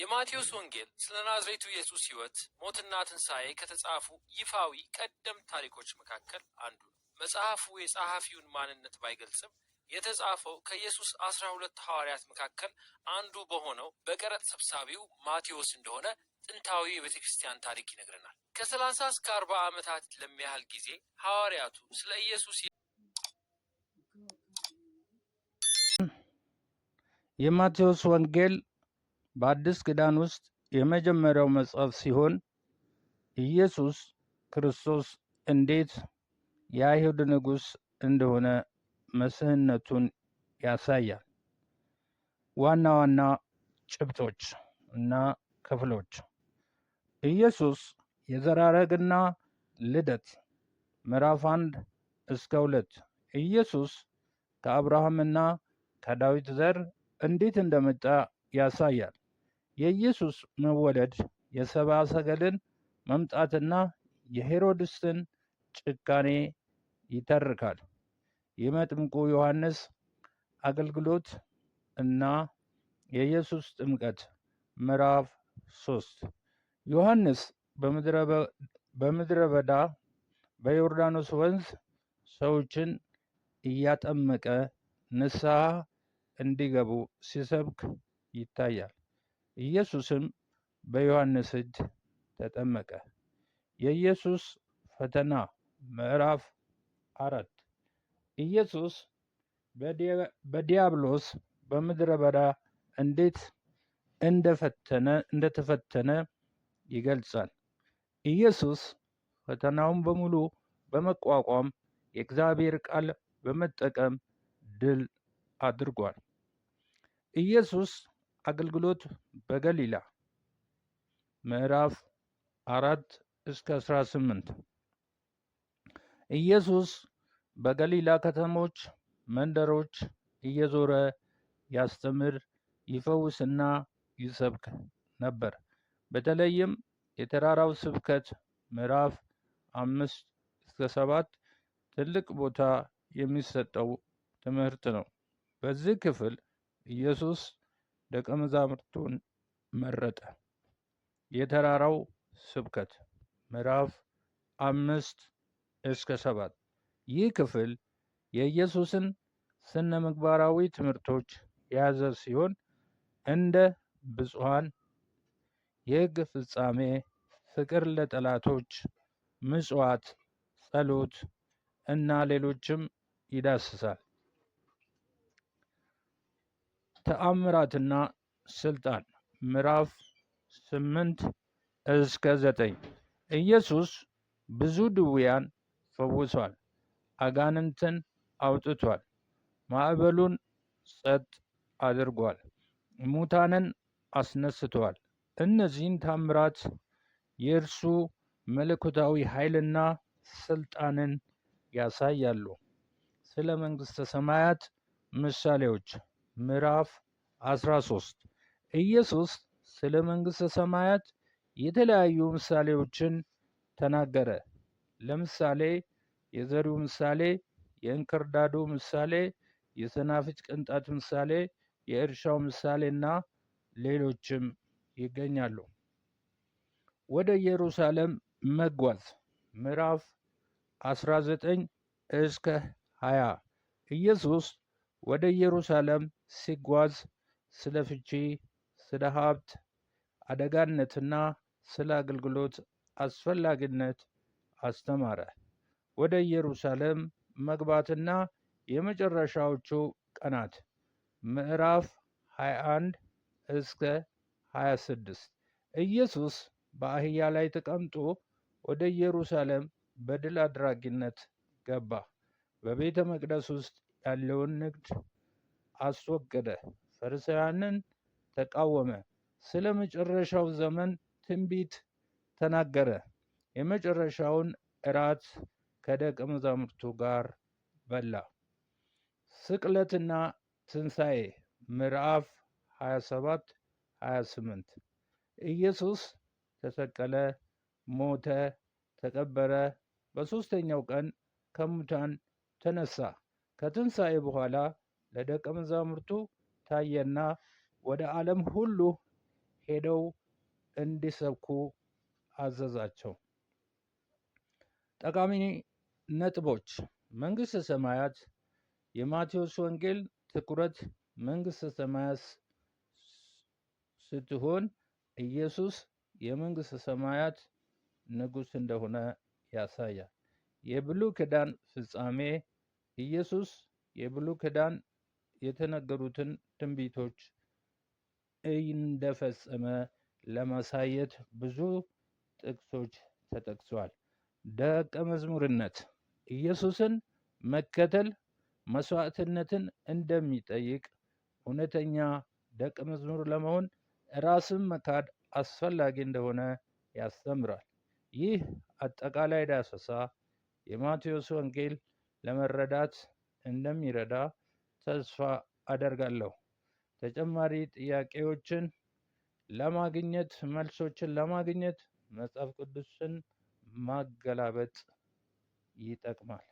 የማቴዎስ ወንጌል ስለ ናዝሬቱ ኢየሱስ ሕይወት፣ ሞትና ትንሣኤ ከተጻፉ ይፋዊ ቀደምት ታሪኮች መካከል አንዱ ነው። መጽሐፉ የጸሐፊውን ማንነት ባይገልጽም የተጻፈው ከኢየሱስ አስራ ሁለት ሐዋርያት መካከል አንዱ በሆነው በቀረጥ ሰብሳቢው ማቴዎስ እንደሆነ ጥንታዊ የቤተ ክርስቲያን ታሪክ ይነግረናል። ከሰላሳ እስከ አርባ ዓመታት ለሚያህል ጊዜ ሐዋርያቱ ስለ ኢየሱስ የማቴዎስ ወንጌል በአዲስ ኪዳን ውስጥ የመጀመሪያው መጽሐፍ ሲሆን ኢየሱስ ክርስቶስ እንዴት የአይሁድ ንጉሥ እንደሆነ መስህነቱን ያሳያል። ዋና ዋና ጭብጦች እና ክፍሎች ኢየሱስ የዘራረግና ልደት ምዕራፍ አንድ እስከ ሁለት ኢየሱስ ከአብርሃምና ከዳዊት ዘር እንዴት እንደመጣ ያሳያል። የኢየሱስ መወለድ የሰብአ ሰገልን መምጣትና የሄሮድስን ጭካኔ ይተርካል። የመጥምቁ ዮሐንስ አገልግሎት እና የኢየሱስ ጥምቀት ምዕራፍ ሶስት ዮሐንስ በምድረ በዳ በዮርዳኖስ ወንዝ ሰዎችን እያጠመቀ ንስሐ እንዲገቡ ሲሰብክ ይታያል። ኢየሱስም በዮሐንስ እጅ ተጠመቀ። የኢየሱስ ፈተና ምዕራፍ አራት ኢየሱስ በዲያብሎስ በምድረ በዳ እንዴት እንደፈተነ እንደተፈተነ ይገልጻል። ኢየሱስ ፈተናውን በሙሉ በመቋቋም የእግዚአብሔር ቃል በመጠቀም ድል አድርጓል። ኢየሱስ አገልግሎት በገሊላ ምዕራፍ አራት እስከ አስራ ስምንት ኢየሱስ በገሊላ ከተሞች፣ መንደሮች እየዞረ ያስተምር፣ ይፈውስና ይሰብክ ነበር። በተለይም የተራራው ስብከት ምዕራፍ አምስት እስከ ሰባት ትልቅ ቦታ የሚሰጠው ትምህርት ነው። በዚህ ክፍል ኢየሱስ ደቀ መዛሙርቱን መረጠ። የተራራው ስብከት ምዕራፍ አምስት እስከ ሰባት ይህ ክፍል የኢየሱስን ስነ ምግባራዊ ትምህርቶች የያዘ ሲሆን እንደ ብፁዓን የሕግ ፍጻሜ፣ ፍቅር ለጠላቶች፣ ምጽዋት፣ ጸሎት እና ሌሎችም ይዳስሳል። ተአምራትና ስልጣን ምዕራፍ ስምንት እስከ ዘጠኝ ኢየሱስ ብዙ ድውያን ፈውሷል፣ አጋንንትን አውጥቷል፣ ማዕበሉን ጸጥ አድርጓል፣ ሙታንን አስነስቷል። እነዚህን ታምራት የእርሱ መለኮታዊ ኃይልና ስልጣንን ያሳያሉ። ስለ መንግሥተ ሰማያት ምሳሌዎች ምዕራፍ 13 ኢየሱስ ስለ መንግሥተ ሰማያት የተለያዩ ምሳሌዎችን ተናገረ። ለምሳሌ የዘሪው ምሳሌ፣ የእንክርዳዱ ምሳሌ፣ የሰናፍጭ ቅንጣት ምሳሌ፣ የእርሻው ምሳሌ እና ሌሎችም ይገኛሉ። ወደ ኢየሩሳሌም መጓዝ ምዕራፍ 19 እስከ 20 ኢየሱስ ወደ ኢየሩሳሌም ሲጓዝ ስለ ፍቺ፣ ስለ ሀብት አደጋነትና ስለ አገልግሎት አስፈላጊነት አስተማረ። ወደ ኢየሩሳሌም መግባትና የመጨረሻዎቹ ቀናት ምዕራፍ 21 እስከ 26 ኢየሱስ በአህያ ላይ ተቀምጦ ወደ ኢየሩሳሌም በድል አድራጊነት ገባ። በቤተ መቅደስ ውስጥ ያለውን ንግድ አስወገደ፣ ፈሪሳውያንን ተቃወመ፣ ስለ መጨረሻው ዘመን ትንቢት ተናገረ። የመጨረሻውን እራት ከደቀ መዛሙርቱ ጋር በላ። ስቅለትና ትንሣኤ ምዕራፍ 27 28 ኢየሱስ ተሰቀለ፣ ሞተ፣ ተቀበረ፣ በሦስተኛው ቀን ከሙታን ተነሳ። ከትንሣኤ በኋላ ለደቀ መዛሙርቱ ታየና ወደ ዓለም ሁሉ ሄደው እንዲሰብኩ አዘዛቸው። ጠቃሚ ነጥቦች፣ መንግሥተ ሰማያት፣ የማቴዎስ ወንጌል ትኩረት መንግሥተ ሰማያት ስትሆን ኢየሱስ የመንግሥተ ሰማያት ንጉሥ እንደሆነ ያሳያል። የብሉይ ኪዳን ፍጻሜ ኢየሱስ የብሉይ ኪዳን የተነገሩትን ትንቢቶች እንደፈጸመ ለማሳየት ብዙ ጥቅሶች ተጠቅሷል። ደቀ መዝሙርነት ኢየሱስን መከተል መስዋዕትነትን እንደሚጠይቅ፣ እውነተኛ ደቀ መዝሙር ለመሆን ራስን መካድ አስፈላጊ እንደሆነ ያስተምራል። ይህ አጠቃላይ ዳሰሳ የማቴዎስ ወንጌል ለመረዳት እንደሚረዳ ተስፋ አደርጋለሁ። ተጨማሪ ጥያቄዎችን ለማግኘት መልሶችን ለማግኘት መጽሐፍ ቅዱስን ማገላበጥ ይጠቅማል።